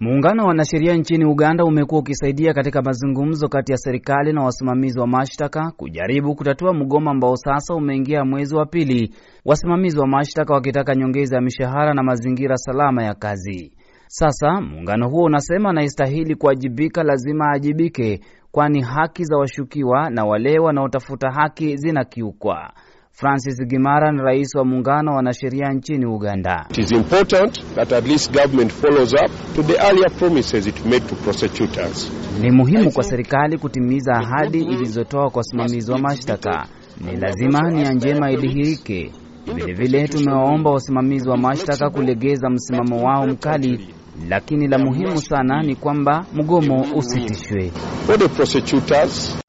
Muungano wa wanasheria nchini Uganda umekuwa ukisaidia katika mazungumzo kati ya serikali na wasimamizi wa mashtaka kujaribu kutatua mgomo ambao sasa umeingia mwezi wa pili, wasimamizi wa mashtaka wakitaka nyongeza ya mishahara na mazingira salama ya kazi. Sasa muungano huo unasema anayestahili kuwajibika lazima aajibike, kwani haki za washukiwa na wale wanaotafuta haki zinakiukwa. Francis Gimara ni rais wa muungano wa wanasheria nchini Uganda. It is important that at least government follows up to the earlier promises it made to prosecutors. Ni muhimu kwa serikali kutimiza ahadi ilizotoa kwa wasimamizi wa mashtaka. Ni lazima nia njema idhihirike. Vilevile tumewaomba wasimamizi wa mashtaka kulegeza msimamo wao mkali lakini la muhimu sana ni kwamba mgomo usitishwe.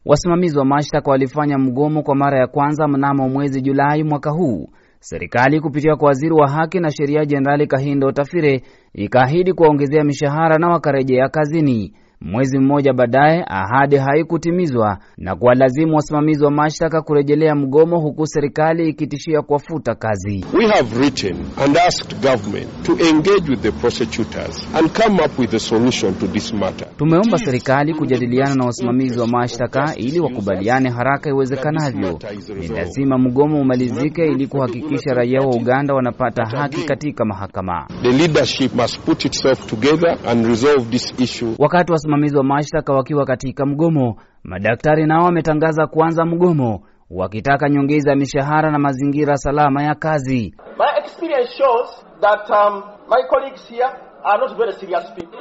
Wasimamizi wa mashtaka walifanya mgomo kwa mara ya kwanza mnamo mwezi Julai mwaka huu. Serikali kupitia kwa waziri wa haki na sheria Jenerali Kahindo Tafire ikaahidi kuwaongezea mishahara na wakarejea kazini. Mwezi mmoja baadaye, ahadi haikutimizwa na kuwalazimu wasimamizi wa mashtaka kurejelea mgomo, huku serikali ikitishia kuwafuta kazi. We have written and asked government to engage with the prosecutors and come up with a solution to this matter. Tumeomba serikali kujadiliana na wasimamizi wa mashtaka ili wakubaliane haraka iwezekanavyo. Ni lazima mgomo umalizike ili kuhakikisha raia wa Uganda wanapata haki katika mahakama. The leadership must put itself together and resolve this issue. Wakati wa wasimamizi wa mashtaka wakiwa katika mgomo, madaktari nao wametangaza kuanza mgomo wakitaka nyongeza ya mishahara na mazingira salama ya kazi. My experience shows that, um, my colleagues here are not very serious people.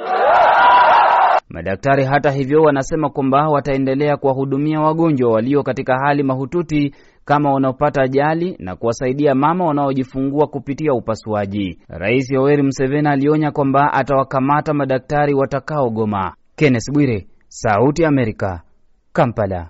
Madaktari hata hivyo wanasema kwamba wataendelea kuwahudumia wagonjwa walio katika hali mahututi kama wanaopata ajali na kuwasaidia mama wanaojifungua kupitia upasuaji. Rais Yoweri Museveni alionya kwamba atawakamata madaktari watakaogoma. Kenneth Bwire, Sauti ya Amerika, Kampala.